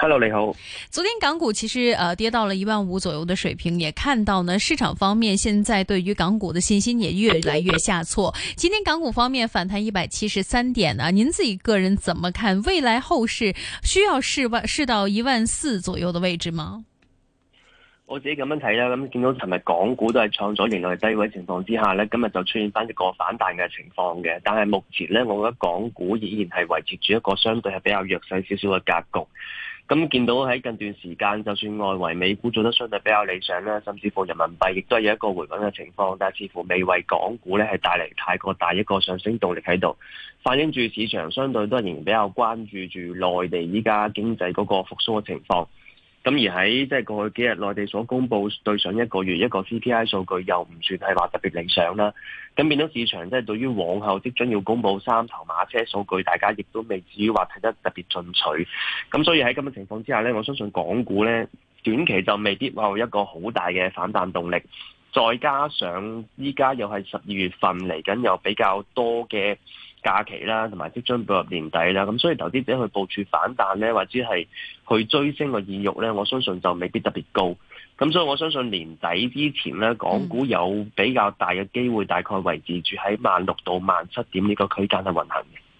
Hello，你好。昨天港股其實，呃，跌到了一萬五左右的水平，也看到呢市場方面，現在對於港股的信心也越來越下挫。今天港股方面反彈一百七十三點啊，您自己個人怎麼看未來後市需要試萬試到一萬四左右的位置嗎？我自己咁樣睇啦，咁見到尋日港股都係創咗年內低位的情況之下呢，今日就出現翻一個反彈嘅情況嘅，但係目前呢，我覺得港股依然係維持住一個相對係比較弱勢少少嘅格局。咁見到喺近段時間，就算外圍美股做得相對比較理想啦，甚至乎人民幣亦都係有一個回穩嘅情況，但係似乎未為港股咧係帶嚟太過大一個上升動力喺度，反映住市場相對都仍然比較關注住內地依家經濟嗰個復甦嘅情況。咁而喺即係過去幾日，內地所公布對上一個月一個 CPI 數據又唔算係話特別理想啦。咁變到市場即係對於往後即將要公布三頭馬車數據，大家亦都未至於話睇得特別進取。咁所以喺咁嘅情況之下呢，我相信港股呢短期就未必話有一個好大嘅反彈動力。再加上依家又係十二月份嚟緊，又比較多嘅。假期啦，同埋即將步入年底啦，咁所以投資者去部署反彈呢，或者係去追升個意欲呢，我相信就未必特別高。咁所以我相信年底之前呢，港股有比較大嘅機會，大概維持住喺萬六到萬七點呢個區間去運行。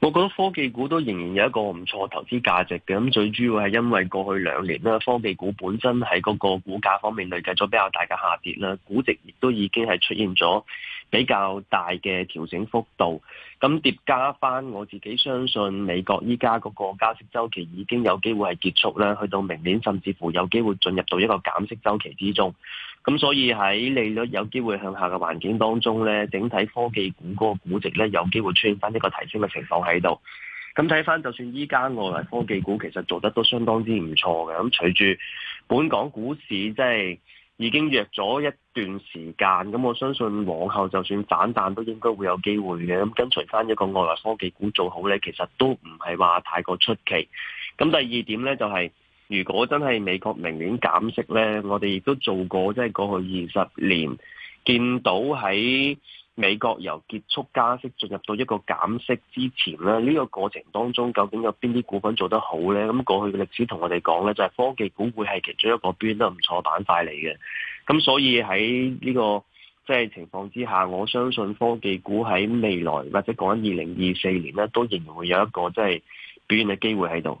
我覺得科技股都仍然有一個唔錯投資價值嘅，咁最主要係因為過去兩年咧，科技股本身喺嗰個股價方面累計咗比較大嘅下跌啦，估值亦都已經係出現咗。比較大嘅調整幅度，咁疊加翻，我自己相信美國依家嗰個加息週期已經有機會係結束啦，去到明年甚至乎有機會進入到一個減息週期之中，咁所以喺利率有機會向下嘅環境當中呢，整體科技股嗰個估值呢，有機會出現翻一個提升嘅情況喺度。咁睇翻，就算依家外圍科技股其實做得都相當之唔錯嘅，咁隨住本港股市即係。已經約咗一段時間，咁我相信往後就算反彈都應該會有機會嘅，咁跟隨返一個外來科技股做好呢，其實都唔係話太過出奇。咁第二點呢、就係，就係如果真係美國明年減息呢，我哋亦都做過，即、就、係、係、過去二十年見到喺。美國由結束加息進入到一個減息之前呢，呢個過程當中，究竟有邊啲股份做得好呢？咁過去嘅歷史同我哋講呢，就係科技股會係其中一個表現得唔錯板塊嚟嘅。咁所以喺呢個即係情況之下，我相信科技股喺未來或者講緊二零二四年呢，都仍然會有一個即係表現嘅機會喺度。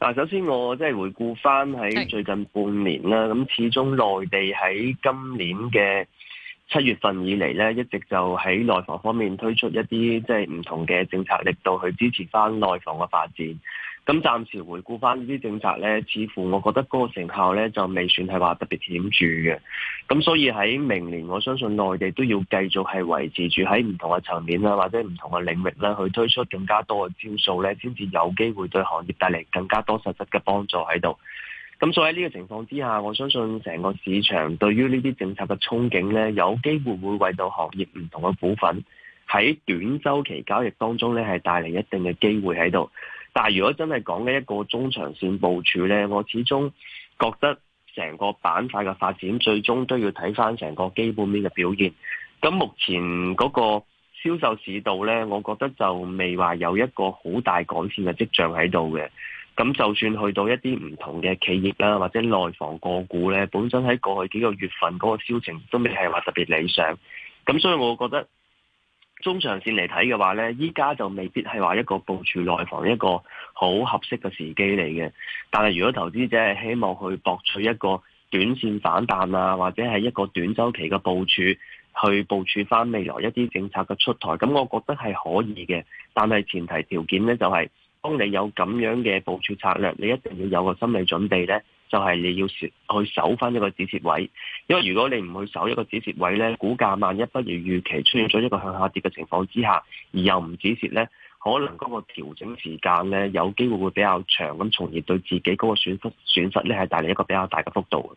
嗱，首先我即係回顧翻喺最近半年啦，咁是始終內地喺今年嘅七月份以嚟咧，一直就喺內房方面推出一啲即係唔同嘅政策力度去支持翻內房嘅發展。咁暫時回顧翻呢啲政策咧，似乎我覺得嗰個成效咧就未算係話特別顯著嘅。咁所以喺明年，我相信內地都要繼續係維持住喺唔同嘅層面啦，或者唔同嘅領域咧，去推出更加多嘅招數咧，先至有機會對行業帶嚟更加多實質嘅幫助喺度。咁所以喺呢個情況之下，我相信成個市場對於呢啲政策嘅憧憬咧，有機會會為到行業唔同嘅股份喺短週期交易當中咧，係帶嚟一定嘅機會喺度。但係如果真係講呢一個中長線部署呢，我始終覺得成個板塊嘅發展最終都要睇返成個基本面嘅表現。咁目前嗰個銷售市道呢，我覺得就未話有一個好大改善嘅跡象喺度嘅。咁就算去到一啲唔同嘅企業啦、啊，或者內房個股呢，本身喺過去幾個月份嗰個銷情都未係話特別理想。咁所以我覺得，中長線嚟睇嘅話呢，依家就未必係話一個部署內房一個好合適嘅時機嚟嘅。但係如果投資者係希望去博取一個短線反彈啊，或者係一個短週期嘅部署，去部署翻未來一啲政策嘅出台，咁我覺得係可以嘅。但係前提條件呢，就係、係、當你有咁樣嘅部署策略，你一定要有個心理準備呢。就係你要去守翻一個止蝕位，因為如果你唔去守一個止蝕位呢，股價萬一不如預期出現咗一個向下跌嘅情況之下，而又唔止蝕呢，可能嗰個調整時間呢有機會會比較長，咁從而對自己嗰個損失損失呢係帶嚟一個比較大嘅幅度。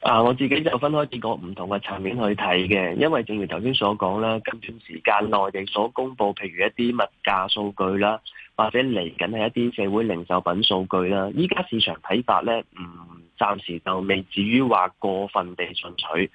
啊！我自己就分開幾個唔同嘅層面去睇嘅，因為正如頭先所講啦，今段時間內地所公佈，譬如一啲物價數據啦，或者嚟緊係一啲社會零售品數據啦，依家市場睇法呢，唔暫時就未至於話過分地進取。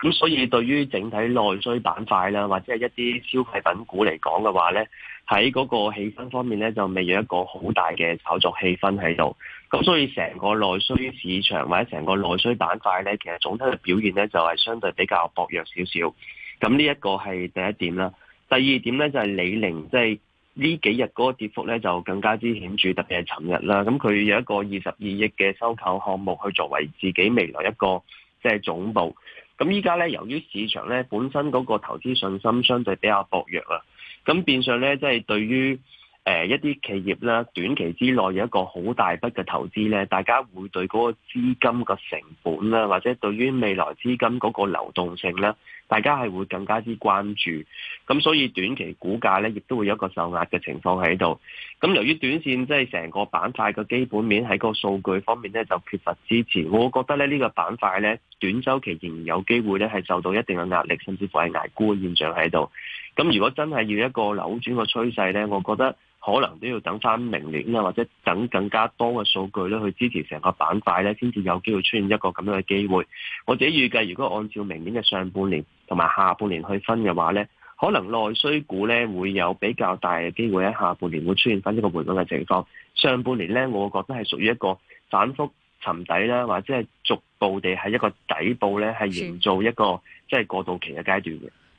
咁所以，對於整體內需板塊啦，或者係一啲消費品股嚟講嘅話，呢喺嗰個氣氛方面呢，就未有一個好大嘅炒作氣氛喺度。咁所以，成個內需市場或者成個內需板塊呢，其實總體嘅表現呢，就係相對比較薄弱少少。咁呢一個係第一點啦。第二點呢，就係李寧，即係呢幾日嗰個跌幅呢，就更加之顯著，特別係尋日啦。咁佢有一個二十二億嘅收購項目，去作為自己未來一個即係總部。咁依家咧，由於市場咧本身嗰個投資信心相對比較薄弱啊，咁變相咧即係對於。誒、呃、一啲企業啦，短期之內有一個好大筆嘅投資咧，大家會對嗰個資金個成本啦，或者對於未來資金嗰個流動性啦，大家係會更加之關注。咁所以短期股價咧，亦都會有一個受壓嘅情況喺度。咁由於短線即係成個板塊嘅基本面喺個數據方面咧就缺乏支持，我覺得咧呢、呢個板塊咧短週期仍然有機會咧係受到一定嘅壓力，甚至乎係捱沽嘅現象喺度。咁如果真係要一個扭轉個趨勢咧，我覺得。可能都要等翻明年啊，或者等更加多嘅數據咧，去支持成個板塊咧，先至有機會出現一個咁樣嘅機會。我自己預計，如果按照明年嘅上半年同埋下半年去分嘅話咧，可能內需股咧會有比較大嘅機會喺下半年會出現翻一個回暖嘅情況。上半年咧，我覺得係屬於一個反覆尋底啦，或者係逐步地喺一個底部咧，係營造一個是即係過渡期嘅階段嘅。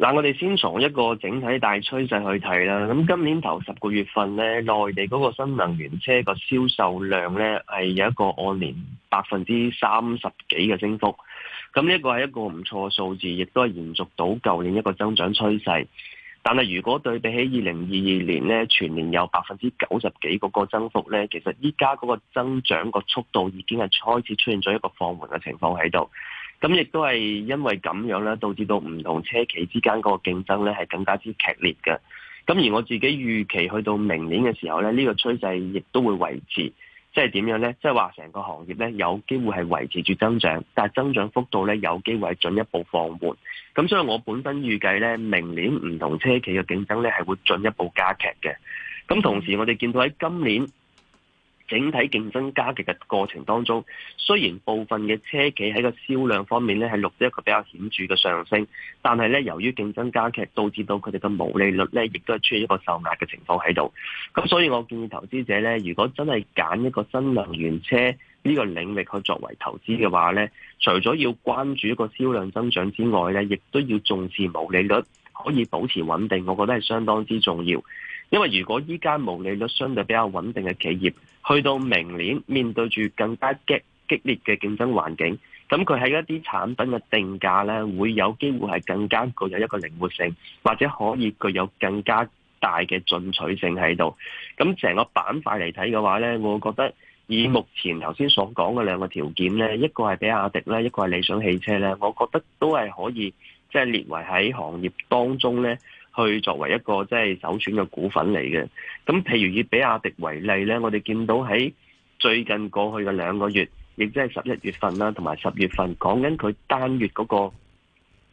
嗱，我哋先從一個整體大趨勢去睇啦。咁今年頭十個月份咧，內地嗰個新能源車個銷售量咧，係有一個按年百分之三十幾嘅升幅。咁呢個係一個唔錯嘅數字，亦都係延續到舊年一個增長趨勢。但係如果對比起二零二二年咧，全年有百分之九十幾嗰個增幅咧，其實依家嗰個增長個速度已經係開始出現咗一個放緩嘅情況喺度。咁亦都係因為咁樣咧，導致到唔同車企之間嗰個競爭咧係更加之劇烈嘅。咁而我自己預期去到明年嘅時候咧，呢個趨勢亦都會維持，即係點樣咧？即係話成個行業咧，有機會係維持住增長，但係增長幅度咧有機會係進一步放緩。咁所以，我本身預計咧，明年唔同車企嘅競爭咧係會進一步加劇嘅。咁同時，我哋見到喺今年整體競爭加劇嘅過程當中，雖然部分嘅車企喺個銷量方面咧係錄得一個比較顯著嘅上升，但係咧由於競爭加劇，導致到佢哋嘅毛利率咧亦都係出現一個受壓嘅情況喺度。咁所以我建議投資者咧，如果真係揀一個新能源車呢個領域去作為投資嘅話咧，除咗要關注一個銷量增長之外咧，亦都要重視毛利率可以保持穩定，我覺得係相當之重要。因為如果依家毛利率相對比較穩定嘅企業，去到明年面對住更加激激烈嘅競爭環境，咁佢喺一啲產品嘅定價呢，會有機會係更加具有一個靈活性，或者可以具有更加大嘅進取性喺度。咁成個板塊嚟睇嘅話呢，我覺得以目前頭先所講嘅兩個條件呢，一個係比亞迪呢，一個係理想汽車呢，我覺得都係可以即係列為喺行業當中呢，去作為一個即係首選嘅股份嚟嘅，咁譬如以比亞迪為例呢，我哋見到喺最近過去嘅兩個月，亦即係十一月份啦，同埋十月份，講緊佢單月嗰個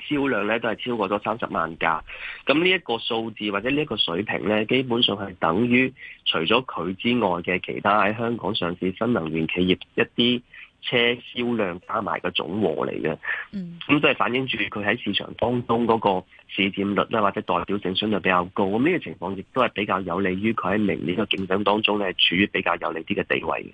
銷量呢，都係超過咗三十萬架。咁呢一個數字或者呢一個水平呢，基本上係等於除咗佢之外嘅其他喺香港上市新能源企業一啲車銷量加埋個總和嚟嘅。嗯，咁都係反映住佢喺市場當中嗰個市佔率啦，或者代表性相對比較高。咁呢個情況亦都係比較有利於佢喺明年嘅競爭當中咧，係處於比較有利啲嘅地位。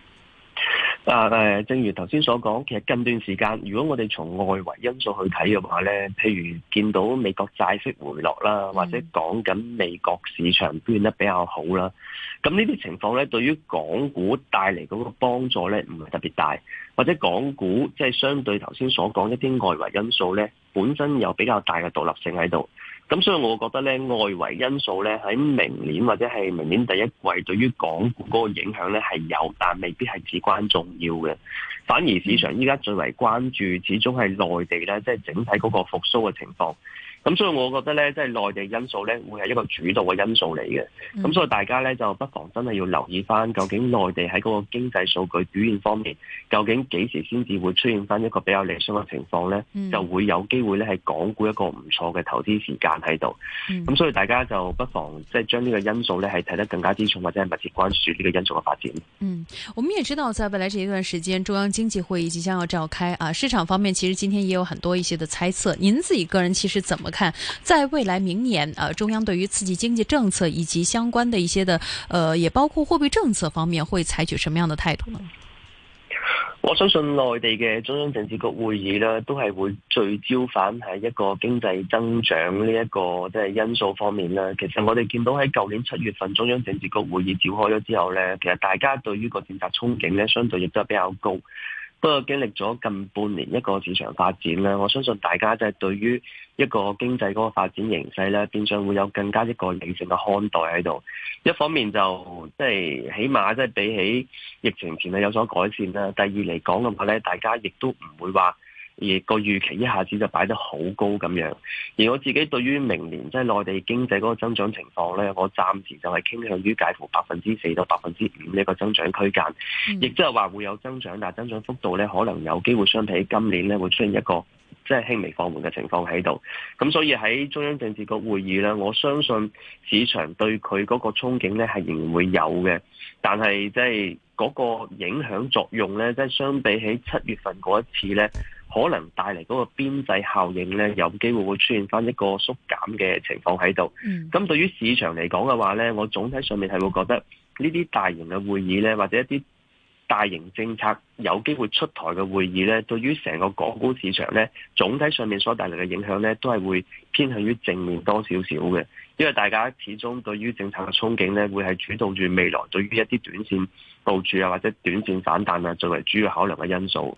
啊誒，正如頭先所講，其實近段時間，如果我哋從外圍因素去睇嘅話咧，譬如見到美國債息回落啦，或者講緊美國市場變得比較好啦，咁呢啲情況咧，對於港股帶嚟嗰個幫助咧，唔係特別大，或者港股即係相對頭先所講一啲外圍因素咧，本身有比較大嘅獨立性喺度。咁、嗯、所以我覺得咧，外圍因素咧，喺明年或者係明年第一季對於港股嗰個影響咧係有，但未必係至關重要嘅。反而市場依家最為關注，始終係內地咧，即、就、係、是、整體嗰個復甦嘅情況。咁、嗯、所以我覺得咧，即係內地因素咧，會係一個主導嘅因素嚟嘅。咁、嗯、所以大家咧，就不妨真係要留意翻，究竟內地喺嗰個經濟數據表現方面，究竟幾時先至會出現翻一個比較理想嘅情況咧，就會有機會咧係港股一個唔錯嘅投資時間喺度。咁、嗯嗯、所以大家就不妨即係將呢個因素咧，係睇得更加之重，或者係密切關注呢個因素嘅發展。嗯，我們也知道，在未來這一段時間，中央經濟會議即將要召開啊。市場方面，其實今天也有很多一些嘅猜測。您自己個人其實怎麼？看，在未來明年，啊、呃，中央對於刺激經濟政策以及相關的一些的，呃，也包括貨幣政策方面，會採取什麼樣的態度呢？我相信內地嘅中央政治局會議呢都係會聚焦反喺一個經濟增長呢一個即係因素方面咧。其實我哋見到喺舊年七月份中央政治局會議召開咗之後呢，其實大家對於個政策憧憬呢相對亦都係比較高。不過經歷咗近半年一個市場發展咧，我相信大家就係對於一個經濟嗰個發展形勢咧，變相會有更加一個理性嘅看待喺度。一方面就即係起碼即係比起疫情前係有所改善啦。第二嚟講嘅話咧，大家亦都唔會話，而個預期一下子就擺得好高咁樣，而我自己對於明年即係內地經濟嗰個增長情況呢，我暫時就係傾向於介乎百分之四到百分之五呢個增長區間，亦即係話會有增長，但增長幅度呢，可能有機會相比今年呢，會出現一個即係輕微放緩嘅情況喺度。咁所以喺中央政治局會議呢，我相信市場對佢嗰個憧憬呢，係仍然會有嘅，但係即係嗰個影響作用呢，即係相比起七月份嗰一次呢。可能帶嚟嗰個邊際效應呢，有機會會出現翻一個縮減嘅情況喺度。咁、嗯、對於市場嚟講嘅話呢，我總體上面係會覺得呢啲大型嘅會議呢，或者一啲大型政策有機會出台嘅會議呢，對於成個港股市場呢，總體上面所帶嚟嘅影響呢，都係會偏向於正面多少少嘅，因為大家始終對於政策嘅憧憬呢，會係主導住未來對於一啲短線部署啊，或者短線反彈啊，作為主要考量嘅因素。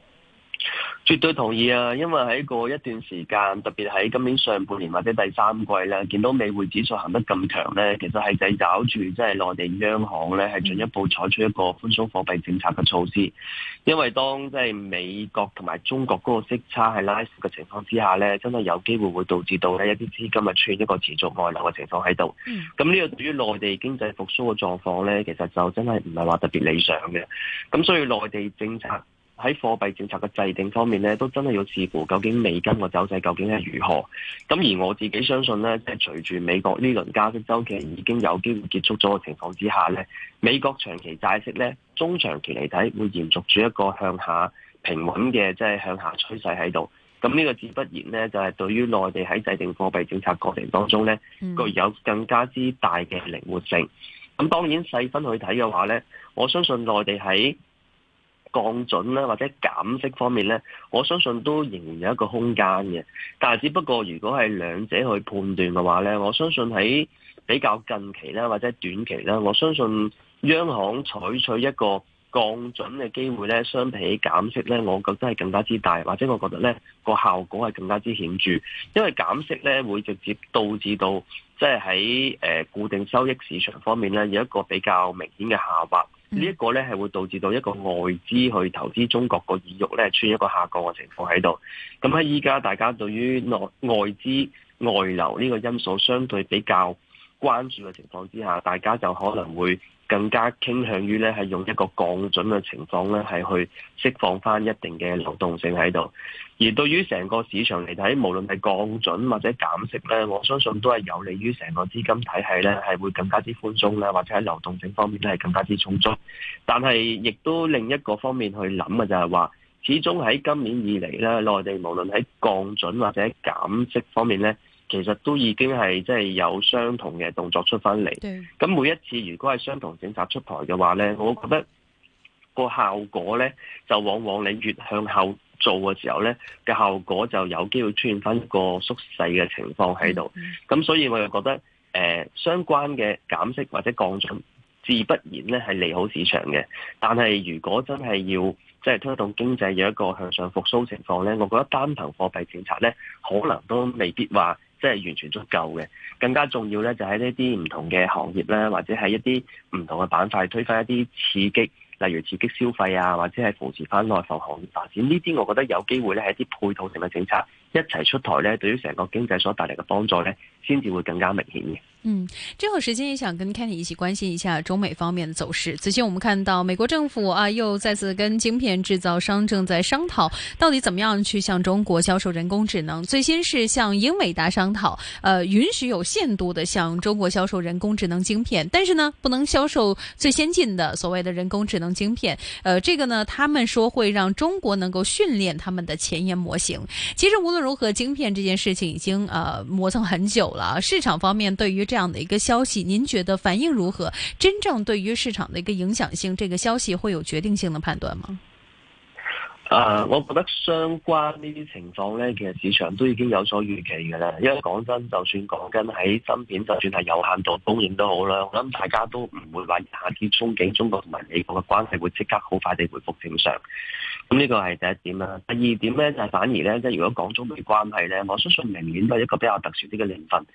絕對同意啊！因為喺過一,一段時間，特別喺今年上半年或者第三季咧，見到美匯指數行得咁強咧，其實係在搞住即係內地央行咧係進一步採取一個寬鬆貨幣政策嘅措施。因為當即係美國同埋中國嗰個息差喺拉闊嘅情況之下咧，真係有機會會導致到咧一啲資金啊出現一個持續外流嘅情況喺度。咁呢個對於內地經濟復蘇嘅狀況咧，其實就真係唔係話特別理想嘅。咁所以內地政策。喺貨幣政策嘅制定方面咧，都真係要視乎究竟美金個走勢究竟係如何。咁而我自己相信咧，即係隨住美國呢輪加息周期已經有機會結束咗嘅情況之下咧，美國長期債息咧，中長期嚟睇會延續住一個向下平穩嘅即係向下趨勢喺度。咁呢個自不然呢，就係、是、對於內地喺制定貨幣政策過程當中咧，具有更加之大嘅靈活性。咁當然細分去睇嘅話咧，我相信內地喺降準呢，或者減息方面呢，我相信都仍然有一個空間嘅。但係，只不過如果係兩者去判斷嘅話呢，我相信喺比較近期呢，或者短期呢，我相信央行採取，取一個降準嘅機會呢，相比起減息呢，我覺得係更加之大，或者我覺得呢個效果係更加之顯著，因為減息呢會直接導致到即係喺誒固定收益市場方面呢，有一個比較明顯嘅下滑。呢一個呢係會導致到一個外資去投資中國個意欲呢，出現一個下降嘅情況喺度。咁喺依家大家對於內外資外流呢個因素相對比較關注嘅情況之下，大家就可能會更加傾向於咧，係用一個降準嘅情況咧，係去釋放翻一定嘅流動性喺度。而對於成個市場嚟睇，無論係降準或者減息咧，我相信都係有利於成個資金體系咧，係會更加之寬鬆啦，或者喺流動性方面咧係更加之充足。但係亦都另一個方面去諗嘅就係話，始終喺今年以嚟咧，內地無論喺降準或者減息方面咧。其實都已經係即係有相同嘅動作出翻嚟，咁每一次如果係相同政策出台嘅話呢，我覺得個效果呢，就往往你越向後做嘅時候呢，嘅效果就有機會出現翻一個縮細嘅情況喺度。咁所以我又覺得誒相關嘅減息或者降準，自不然呢係利好市場嘅，但係如果真係要即係推動經濟有一個向上復甦情況咧，我覺得單憑貨幣政策咧，可能都未必話即係完全足夠嘅。更加重要咧，就喺呢啲唔同嘅行業咧，或者係一啲唔同嘅板塊推翻一啲刺激，例如刺激消費啊，或者係扶持翻內房行業發展。呢啲我覺得有機會咧，係一啲配套性嘅政策。一齊出台呢，對於整個經濟所帶嚟的幫助呢，先至會更加明顯嘅。嗯，最後時間也想跟 Kenny 一起關心一下中美方面的走勢。此前我們看到美國政府啊，又再次跟晶片製造商正在商討，到底怎麼樣去向中國銷售人工智能。最先是向英偉達商討，呃，允許有限度的向中國銷售人工智能晶片，但是呢，不能銷售最先進的所謂的人工智能晶片。呃，這個呢，他們說會讓中國能夠訓練他們的前沿模型。其實無論如何，晶片這件事情已經、呃、磨蹭很久了。市場方面對於這樣的一個消息，您覺得反應如何？真正對於市場的一個影響性，這個消息會有決定性的判斷嗎？呃，我覺得相關呢啲情況呢，其實市場都已經有所預期噶啦。因為講真，就算講緊喺芯片，就算係有限度供應都好啦，我諗大家都唔會話一下子憧憬中國同埋美國嘅關係會即刻好快地回復正常。咁呢個係第一點啦。第二點咧，就係、反而咧，即係如果講中美關係咧，我相信明年都係一個比較特殊啲嘅年份，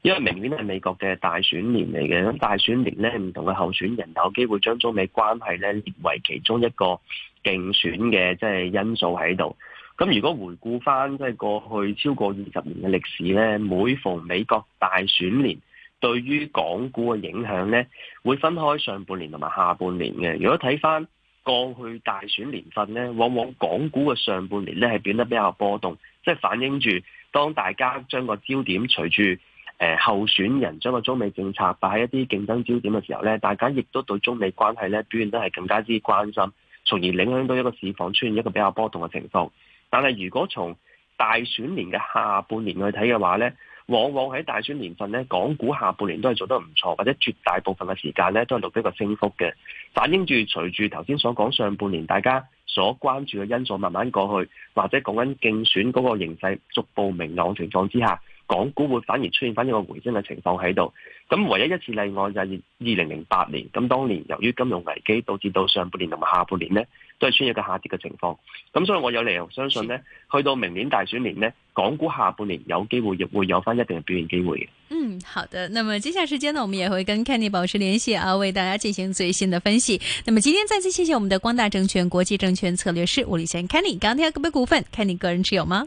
因為明年係美國嘅大選年嚟嘅。咁大選年咧，唔同嘅候選人有機會將中美關係咧列為其中一個競選嘅即、就係、因素喺度。咁如果回顧翻即係過去超過二十年嘅歷史咧，每逢美國大選年，對於港股嘅影響咧，會分開上半年同埋下半年嘅。如果睇翻。過去大選年份呢，往往港股嘅上半年呢係變得比較波動，即係反映住當大家將個焦點隨住誒、呃、候選人將個中美政策擺喺一啲競爭焦點嘅時候呢，大家亦都對中美關係呢表現得係更加之關心，從而影響到一個市況出現一個比較波動嘅情況。但係如果從大選年嘅下半年去睇嘅話呢。往往喺大選年份呢，港股下半年都係做得唔錯，或者絕大部分嘅時間呢都係錄得一個升幅嘅，反映住隨住頭先所講上半年大家所關注嘅因素慢慢過去，或者講緊競選嗰個形勢逐步明朗情況之下，港股會反而出現翻一個回升嘅情況喺度。咁唯一一次例外就係二零零八年，咁當年由於金融危機導致到上半年同埋下半年呢。都係穿越個下跌嘅情況，咁所以我有理由相信呢，去到明年大選年呢，港股下半年有機會亦會有翻一定嘅表現機會嘅。嗯，好的，那麼接下來時間呢，我們也會跟 Kenny 保持聯繫啊，為大家進行最新的分析。那麼今天再次謝謝我們的光大證券國際證券策略師伍禮賢 Kenny，剛剛提到個別股份，Kenny 個人持有嗎？